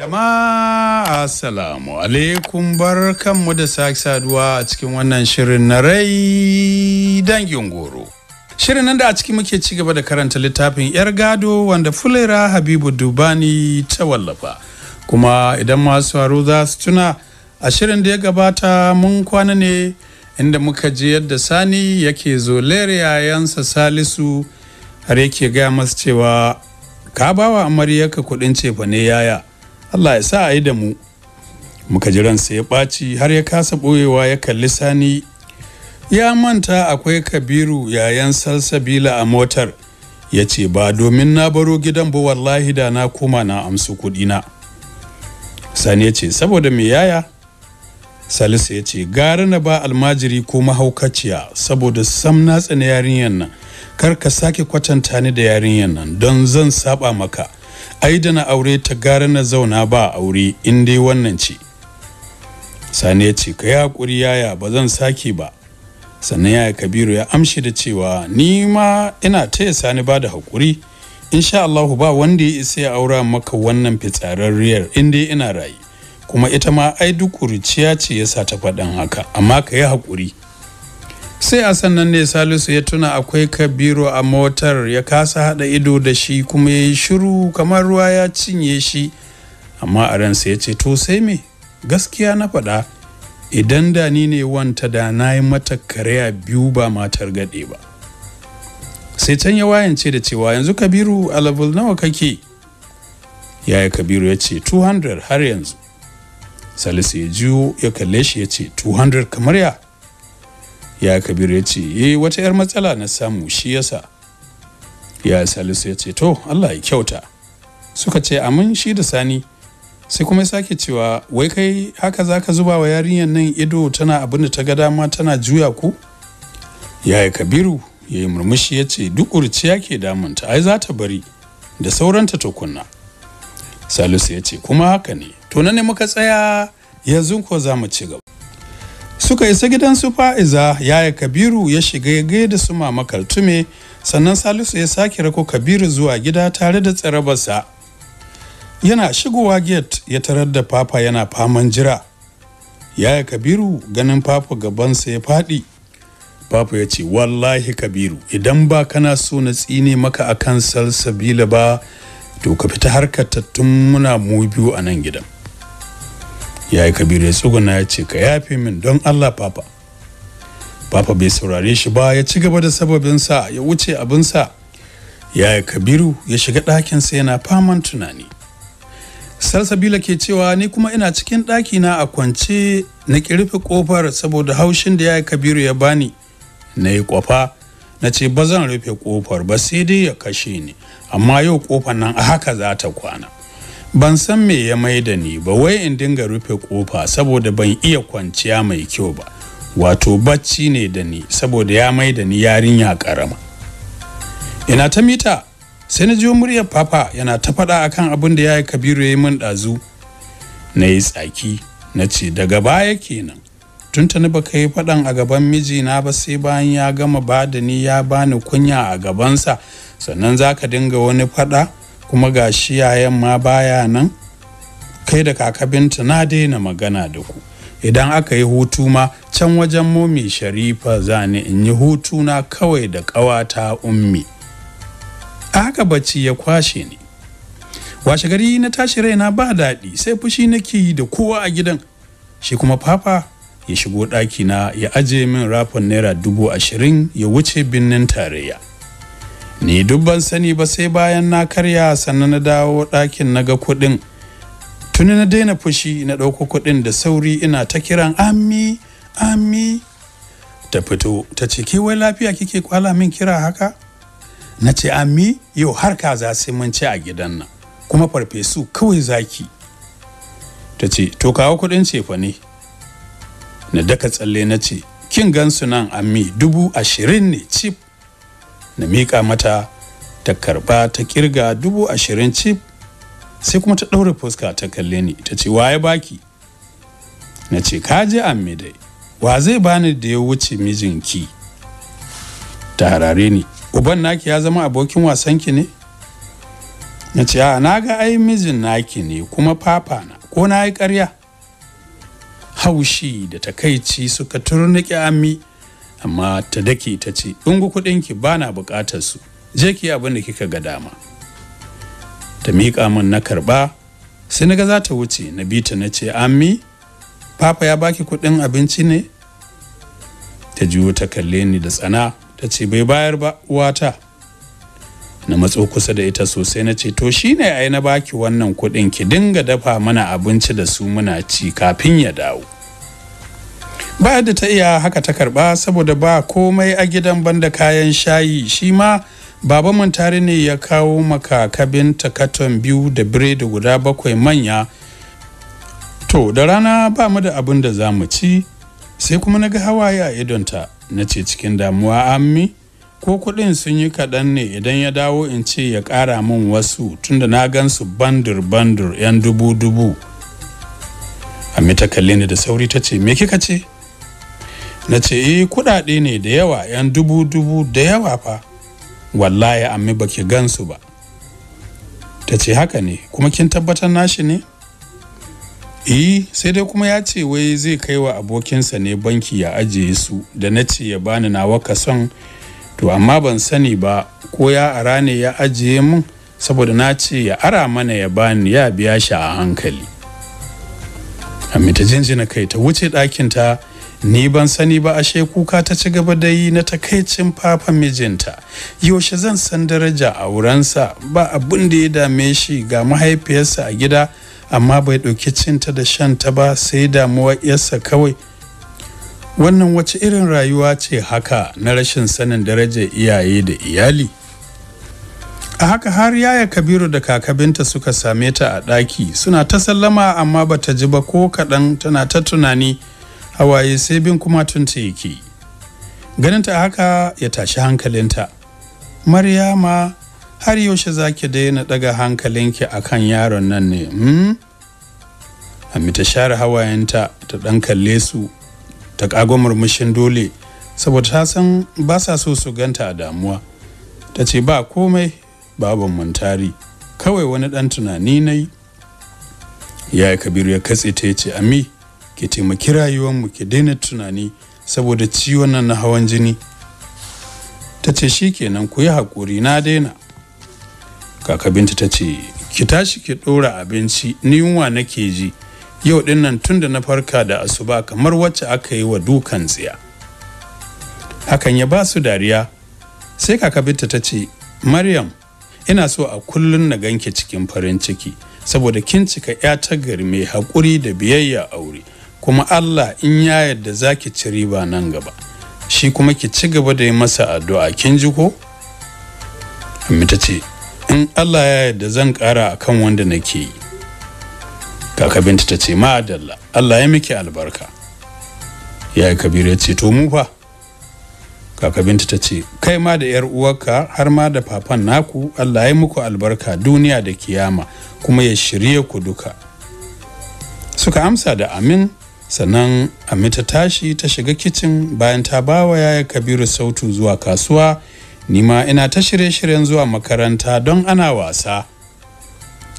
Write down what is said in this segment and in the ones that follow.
Jama'a Assalamu alaikum bar kanmu da sake saduwa a cikin wannan shirin na rai dangin goro. Shirin nan da a ciki muke ci gaba da karanta littafin 'yar gado wanda Fulera Habibu Dubani ta wallafa. Kuma idan masu haru za su tuna a shirin da ya gabata mun kwana ne inda muka je yadda Sani yake zo yayansa Salisu har yake gaya masu cewa ka bawa amaryarka kuɗin cefa ne yaya. Allah ya sa a yi da mu muka jiran ransa ya ɓaci har ya kasa ɓoyewa ya kalli sani ya manta akwai kabiru yayan salsabila a motar ya ce ba domin na baro gidan ba wallahi da na koma na amsu na. sani ya ce saboda mai yaya salisa ya ce gara na ba almajiri ko mahaukaciya saboda sam na tsani yarinyar nan kar ka sake kwatanta ni da yarinyar nan don zan saba maka ai da na aure ta gara na zauna ba aure in dai wannan ce sani ya ce ka yi haƙuri yaya ba zan sake ba sannan yaya kabiru ya amshi da cewa ni ma ina taya sani ba da haƙuri insha Allahu ba wanda ya isa ya aura maka wannan fitsararriyar in dai ina rayu kuma ita ma ai duk kuruciya ce ya sa ta faɗin haka amma ka yi haƙuri sai a sannan ne salisu ya tuna akwai kabiru a motar ya kasa hada ido da shi kuma ya yi shiru kamar ruwa ya cinye shi amma a ransa ya ce to sai me gaskiya na faɗa idan da ni ne wanta da na yi mata karya biyu ba matar gaɗe ba sai can ya wayance da cewa yanzu kabiru a level nawa kake yaya kabiru ya ce 200 har yanzu salisu ya juyo ya kalle shi ya ce 200 kamar ya ya kabir ya ce eh wata 'yar matsala na samu shi yasa ya salisu ya ce to allah ya kyauta suka ce amin shi da sani sai kuma sake cewa wai kai haka za ka zuba wa yarinyar nan ido tana abin da ta ga dama tana juya ku yaya kabiru ya yi murmushi ya ce duk urciya ke damunta ai za ta bari da sauranta tukunna salisu ya ce kuma haka ne to nan ne muka tsaya yanzu ko za mu ci gaba suka isa gidan su fa'iza yaya kabiru ya shiga ya gaida su mama kaltume sannan salisu ya sake rako kabiru zuwa gida tare da tsarabarsa yana shigowa gate ya tarar da papa yana faman jira yaya kabiru ganin papa gabansa ya faɗi papa ya ce wallahi kabiru idan ba kana so na tsine maka akan salsabila ba to ka fita harkar tattun muna mu biyu a nan gidan ya yi kabiru ya tsuguna ya ce ka yafe min don allah papa papa bai saurare shi ba ya ci gaba da sa ya wuce abinsa ya yi kabiru ya shiga ɗakinsa yana faman tunani salsabila ke cewa ni kuma ina cikin ɗakina a kwance na rufe ƙofar saboda haushin da ya yi kabiru ya bani na yi ƙofa na ce ba zan rufe ƙofar ba sai dai ya kashe ni amma yau ƙofar nan a haka za ta kwana ban san me ya mai da ni ba wai in dinga rufe kofa saboda ban iya kwanciya mai kyau ba wato bacci ne da ni saboda ya mai da ni yarinya karama ina ta mita sai na jiyo muryar papa yana ta faɗa akan abin da ya yi kabiru ya yi min ɗazu na yi tsaki na ce daga baya kenan tun ta ba ka yi faɗan a gaban mijina ba sai bayan ya gama ba da ni ya bani kunya a gabansa sannan za ka dinga wani faɗa kuma ga shi yayan ma baya nan kai da kaka Binta na daina magana da ku idan aka yi hutu ma can wajen momi sharifa zane in yi hutu na kawai da ƙawata ummi a haka bacci ya kwashe ni washe gari na tashi raina ba daɗi sai fushi nake yi da kowa a gidan shi kuma papa ya shigo ɗakina ya ajiye min rafin naira dubu ashirin ya wuce birnin tarayya ni dubban sani ba sai bayan na karya sannan na dawo ɗakin na ga kuɗin tuni na daina fushi na ɗauko kuɗin da sauri ina ta kiran "Ami! Ami!" ta fito ta ce ke wai lafiya kike kwala min kira haka na ce "Ami! yau har kaza sai mun ci a gidan nan kuma farfesu kawai zaki ta ce to kawo kuɗin cefa ne na daka tsalle na ce kin gansu nan ami! dubu ashirin ne cif na miƙa mata ta karba ta kirga dubu ashirin cif sai kuma ta ɗaure fuska ta kalle ni ta ce waye baki na ce ka je an dai wa zai bani da ya wuce mijinki ta harare ni uban naki ya zama abokin wasanki ne na ce na ga ai mijin naki ne kuma papa na ko na yi karya haushi da takaici suka turnuƙi Ami. amma ta dake ta ce ungu ki ba na bukatar su je ki abin da kika ga dama ta miƙa min na karɓa sai na ga za ta wuce na bi ta na ce ammi papa ya baki kuɗin abinci ne ta juyo ta kalle ni da tsana ta ce bai bayar ba uwata na matso kusa da ita sosai na ce to shine ai na baki wannan kuɗin ki dinga dafa mana abinci da su muna ci kafin ya dawo ba da ta iya haka ta karba saboda ba komai a gidan banda kayan shayi shi ma baba tare ne ya kawo makakabin takaton biyu da biredi guda bakwai manya to da rana ba mu da abin da za mu ci sai kuma na ga hawaye a idonta na ce cikin damuwa ammi ko kuɗin sun yi kaɗan ne idan ya dawo in ce ya ƙara min wasu tunda na gansu bandur-bandur 'yan dubu-dubu. Ami ta kalle ni da sauri ta ce, Me kika ce? na ce yi eh, kuɗaɗe ne da yawa yan dubu dubu da yawa fa wallahi ammi baki gansu ba ta ce haka ne kuma kin tabbatar nashi ne eh sai dai kuma ya ce wai zai kai wa abokinsa ne banki ya ajiye su da na ce ya bani nawa son, to amma ban sani ba ko ya ara ne ya ajiye mun saboda na ce ya ara mana ya bani ya biya shi a hankali amma ta jinjina kai ta wuce ɗakinta ni ban sani ba ashe kuka ta ci gaba da yi na takaicin fafan mijinta yaushe zan san daraja a wuransa ba abin da ya dame shi ga mahaifiyarsa a gida amma bai ɗauki cinta da shanta ba sai damuwa yarsa kawai wannan wace irin rayuwa ce haka na rashin sanin darajar iyaye da iyali a haka har yaya kabiru da kakabinta suka same ta a ɗaki suna ta sallama amma bata ji ba ko kaɗan tana ta tunani hawaye sai bin kuma tunta yake ta haka ya tashi hankalinta maryama har yaushe za ki daina daga hankalinki akan yaron nan ne hmm? amma ta share hawayenta ta dan kalle su ta kago murmushin dole saboda ta san ba sa so su ganta a damuwa ta ce ba komai babin muntari kawai wani dan tunani na yi kabiru ya katse ta ce ami ki taimaki rayuwarmu ki daina tunani saboda ciwon nan na hawan jini ta ce shi kenan ku yi haƙuri na daina kaka binta ta ce ki tashi ki ɗora abinci ni yunwa nake ji yau ɗin nan tun da na farka da asuba kamar wacce aka yi wa dukan tsiya hakan ya ba su dariya sai kaka binta ta ce maryam ina so a kullun na ganke cikin farin ciki saboda kin cika 'ya ta gari mai haƙuri da biyayya aure kuma Allah in ya yadda za ki ci riba nan gaba shi kuma ki ci gaba da yi masa addu'a kin ji ko amma ta ce in Allah ya yadda zan ƙara akan wanda nake yi kaka binta ta ce ma'adalla Allah ya miki albarka ya yi Kabiru ya ce to mu fa kaka binta ta ce kai ma da yar uwarka har ma da papan naku Allah ya muku albarka duniya da kiyama kuma ya shirye ku duka suka amsa da amin sannan amita ta tashi ta shiga kicin bayan ta bawa yaya kabiru sautu zuwa kasuwa nima ina ta shirye-shiryen zuwa makaranta don ana wasa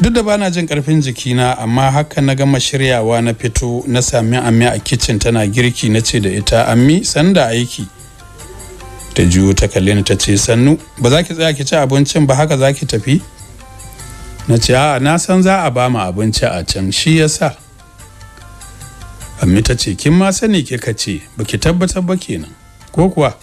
duk da bana jin karfin jikina amma haka na gama shiryawa na fito na sami ammi a kicin tana girki na ce da ita ammi sanda aiki ta juyo ta kalle ni ta ce sannu ba za ki tsaya ki ci abincin ba haka za ki tafi na ce a na san za a ba mu abinci a can shi yasa amma ta ce kin ma sani ke ka ce baki tabbatar ba kenan ko kuwa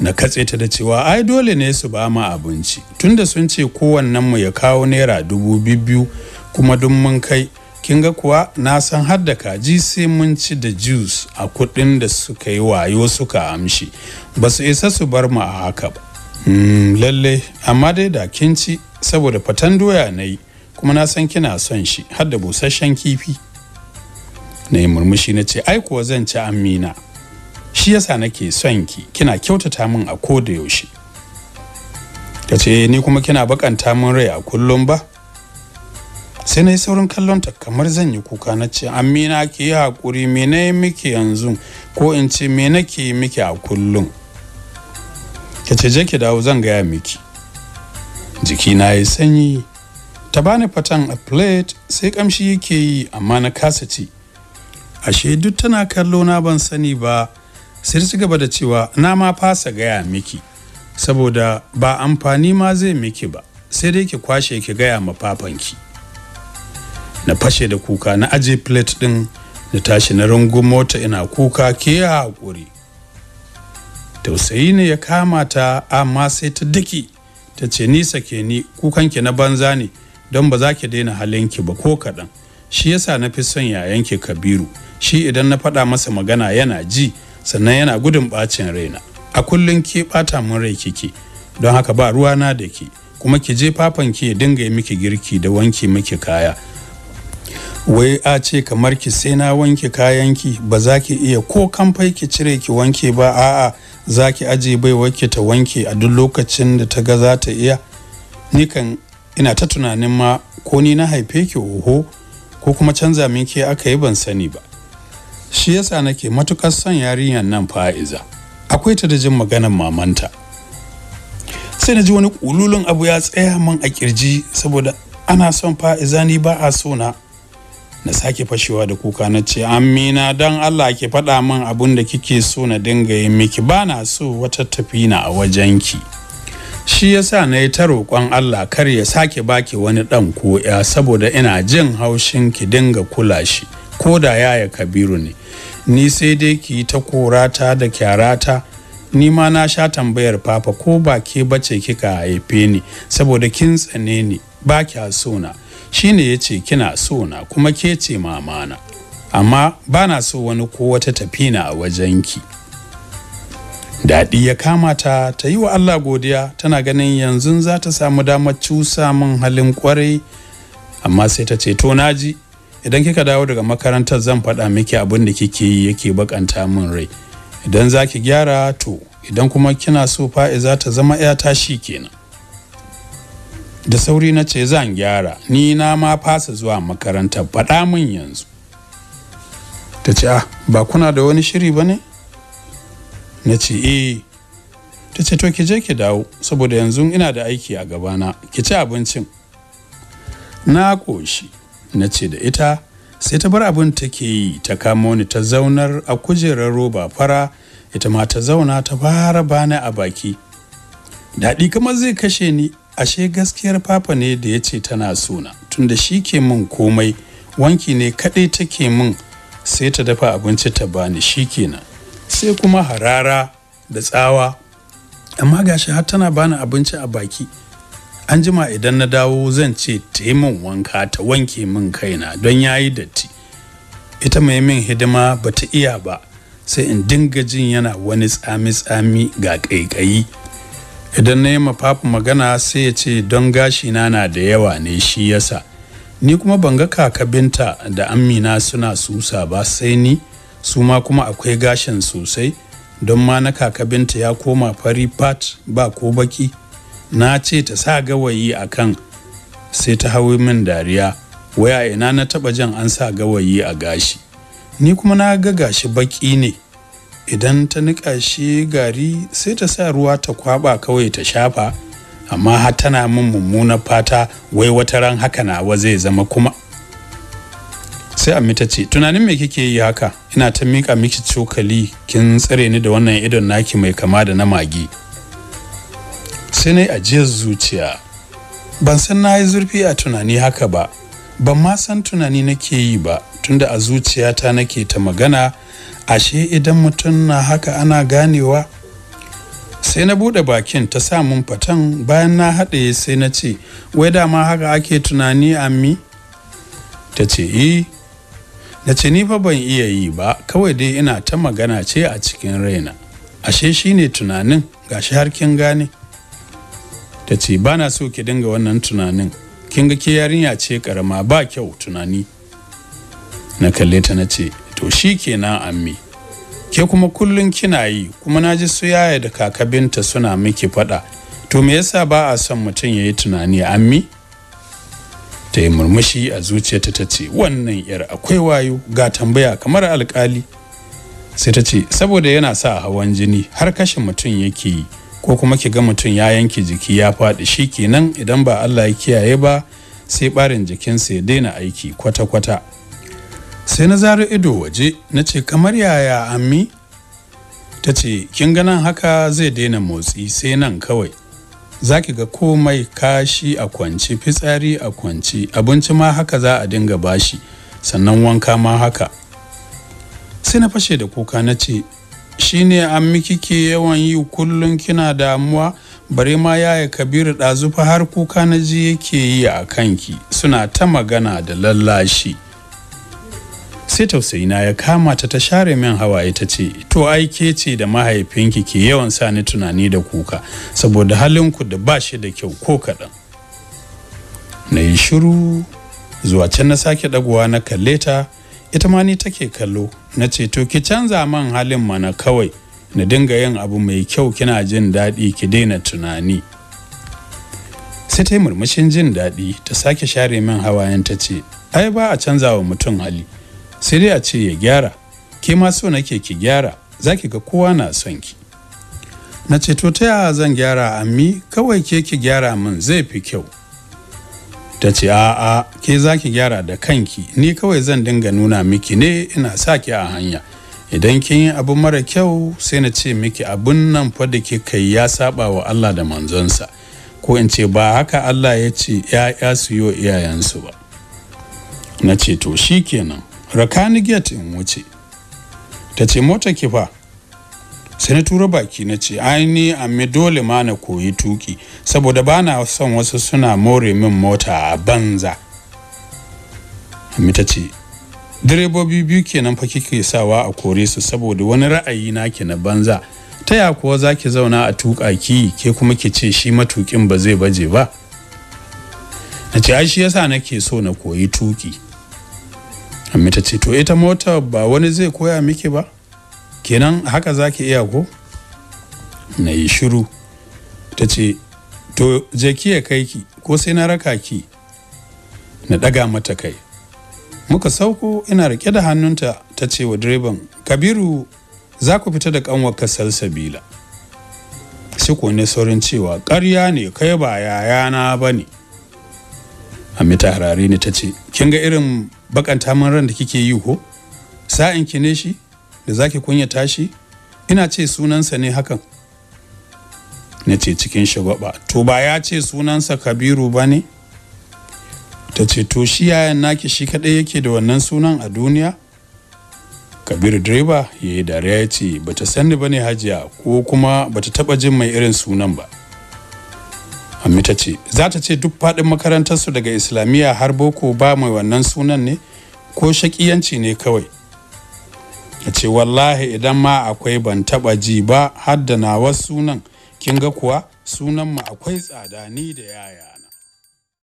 na katse ta da cewa ai dole ne su ba mu abinci tunda sun ce kowannen mu ya kawo naira dubu biyu kuma duk mun kai kin ga kuwa na san har da kaji sai mun ci da juice a kuɗin da suka yi wayo suka amshi ba su isa su bar mu a haka ba mm, lalle amma dai da kin ci saboda fatan doya na yi kuma na san kina son shi har da busasshen kifi na yi murmushi na ce ai kuwa zan ci amina shi yasa nake son ki kina kyautata min a ko da yaushe ta ce eh, ni kuma kina bakanta min rai a kullum ba sai na yi saurin ta kamar zan yi kuka na ce amina ki yi haƙuri me na yi miki yanzu ko in ce me nake yi miki a kullum ka ce je ki dawo zan gaya miki jiki na yi sanyi ta bani fatan a plate sai kamshi yake yi amma na kasa ci ashe duk tana kallo na ban sani ba sai su gaba da cewa na ma fasa gaya miki saboda ba amfani ma zai miki ba sai dai ki kwashe ki gaya ma na fashe da kuka na aje plate din na tashi na rungun mota ina kuka ke hakuri tausayi ne ya kama ta amma sai ta diki ta ce nisa ke ni kukanki na banza ne don ba za ki daina halinki ba ko kaɗan shi yasa na fi son ya yanke kabiru shi idan na faɗa masa magana yana ji sannan yana gudun ɓacin raina a kullum ke ɓata mun rai kike don haka ba ruwana da ke kuma ki je fafan ki ya dinga miki girki da wanke miki kaya wai a ce kamar ki sai na wanke kayanki ba za ki iya ko kamfai ki cire ki wanke ba a'a za ki aje wanke ta wanke a duk lokacin da ta ga za ta iya Ni kan ina ta tunanin ma ko ni na haife ki oho ko kuma canza min ke aka yi ban sani ba shi yasa nake matukar son yarinyar nan fa'iza akwai ta da jin maganar mamanta sai na ji wani kululun abu ya tsaya min a kirji saboda ana son fa'iza ni ba a so na na sake fashewa da kuka na ce amina don allah ki faɗa min abin da kike so na dinga yin miki ba na so wata tafina a wajenki. ki shi ya sa na yi ta roƙon Allah kar ya sake baki wani ɗan ko ya saboda ina jin haushin ki dinga kula shi ko da yaya kabiru ne ni sai dai ki yi ta korata da kyarata ni ma na sha tambayar papa ko ba ke bace kika haife ni saboda kin tsane ni ba kya shi ne ya ce kina na kuma ke ce mamana amma ba na so wani ko wata tafina a wajenki. ki daɗi ya kama ta ta yi wa allah godiya tana ganin yanzu za ta samu damar cusa min halin kwarai amma sai ta ce to naji idan kika dawo daga makarantar zan faɗa miki abin da kike yi yake bakanta min rai idan za ki gyara to idan kuma kina so za ta zama ta shi kenan da sauri na ce zan gyara ni na ma fasa zuwa makarantar faɗa min yanzu ta ce ah ba kuna da wani shiri ba ne na ce e, ta ce to ki je ki dawo saboda yanzu ina da aiki a gabana ki ci abincin na ƙoshi na ce da ita sai ta bar abin take yi ta kamo ni ta zaunar a kujerar roba fara ita ma ta zauna ta fara bani a baki daɗi kamar zai kashe ni ashe gaskiyar papa ne da ya ce tana suna tunda shi ke min komai wanki ne kaɗai take min sai ta dafa abinci ta bani shi kenan sai kuma harara da tsawa amma gashi har tana bani abinci a baki an jima idan na dawo zan ce ta min wanka ta wanke min kaina don ya yi datti ita mai min hidima ba ta iya ba sai in dinga jin yana wani tsami-tsami ga ƙaiƙayi idan na yi mafafu magana sai ya ce don gashina na da yawa ne shi yasa ni kuma ban ga kakabinta da amina suna susa ba sai ni su ma kuma akwai gashin sosai don ma na kakabinta ya koma fari pat ba ko baki na ce ta sa gawayi a kan sai ta hawi min dariya waya ina na taba jan an sa gawayi a gashi ni kuma na ga gashi baki ne idan ta niƙa shi gari sai ta sa ruwa ta kwaba kawai ta shafa amma har tana min mummunan fata wai wata ran haka nawa zai zama kuma sai ta ce tunanin me kike yi haka ina ta mika miki cokali kin tsare ni da wannan idon naki mai kama da na magi sai na yi ajiyar zuciya ban san na yi zurfi a tunani haka ba ban ma san tunani nake yi ba tunda a zuciyata nake ta magana ashe idan mutum na haka ana ganewa sai na bude bakin ta sa fatan bayan na haɗe sai na ce wai dama haka ake tunani ammi ta ce yi eh, na ce ni fa ban iya yi ba kawai dai ina ta magana ce a cikin raina ashe shine tunanin gashi har kin gane ta ce ba na so ki dinga wannan tunanin kin ga ke yarinya ce karama ba kyau tunani na kalle ta na ce to shi kenan ammi ke kuma kullum kina yi kuma na ji su yaya da kakabinta suna miki faɗa to me yasa ba a son mutum ya yi tunani ammi ta yi murmushi a zuciyarta ta ce wannan yar akwai wayo ga tambaya kamar alkali sai ta ce saboda yana sa hawan jini har kashe mutum yake yi ko kuma ki ga mutum ya yanke jiki ya faɗi shi kenan idan ba Allah ya kiyaye ba sai ɓarin jikinsa ya daina aiki kwata-kwata sai na zaro ido waje na ce kamar yaya ammi ta ce kin ganin haka zai daina motsi sai nan kawai za ki ga komai kashi a kwanci fitsari a kwanci abinci ma haka za a dinga bashi sannan wanka ma haka sai na fashe da kuka na ce shi ne an miki ke yawan yi kullum kina damuwa bare ma yaya kabiru ɗazufa har kuka na ji yake yi a kanki suna ta magana da lallashi. sai tausayina ya kama ta ta share min hawaye ta ce to ai ke ce da mahaifinki ke yawan sa ni tunani da kuka saboda halinku da ba shi da kyau ko kaɗan na yi shiru zuwa can na sake ɗagowa na kalle ta ita ma ni take kallo na ce to ki canza man halin mana kawai na dinga yin abu mai kyau kina jin daɗi ki daina tunani sai ta yi murmushin jin daɗi ta sake share min hawayen ta ce ai ba a canza wa mutum hali sai dai a ce ya gyara ke ma so nake ki gyara za ki ga kowa na son ki na ce to ta yaya zan gyara ammi kawai ke ki gyara min zai fi kyau ta ce a'a ke za ki gyara da kanki ni kawai zan dinga nuna miki ne ina sa ki a hanya idan kin yi abu mara kyau sai na ce miki abun nan fa da ke kai ya saba wa Allah da manzonsa ko in ce ba haka Allah ya ce ya su yi iyayensu ba na ce to shikenan rakani gate in wuce ta ce mota ki fa sai na tura baki na ce aini ni amma dole ma na koyi tuki saboda bana son wasu suna more min mota a banza amma ta ce direbobi biyu kenan fa kike sawa a kore su saboda wani ra'ayi naki na banza ta ya kuwa za zauna a tuƙa ki ke kuma ki ce shi matuƙin ba zai baje ba na ce ai shi yasa nake so na koyi tuki. amma ce to ita mota ba wani zai koya miki ba kenan haka zaki iya ko na yi shiru ta ce to je ya kai ki ko sai na raka ki na daga mata kai muka sauko ina rike da hannunta ta ce wa direban kabiru za ku fita da kanwar kasar sabila shi ko ne saurin cewa ƙarya ne kai ba yayana ba ne amita harare ne ta ce kin ga irin bakanta min ran da kike yi ko sa'in ki ne shi da zaki kunya tashi? ina ce sunansa ne hakan na ce cikin shagwaba to ba ya ce sunansa kabiru ba ne ta ce to shi yayan naki shi kadai yake da wannan sunan a duniya kabiru direba ya yi dariya ya ce bata sani ba ne hajiya ko kuma bata taba jin mai irin sunan ba Amita ce, za ta ce duk faɗin makarantarsu daga Islamiyya har boko ba mai wannan sunan ne ko shakiyanci ne kawai. Ta ce wallahi idan ma akwai ban taɓa ji ba har da nawa sunan, kin ga kuwa sunan mu akwai tsada ni da yaya.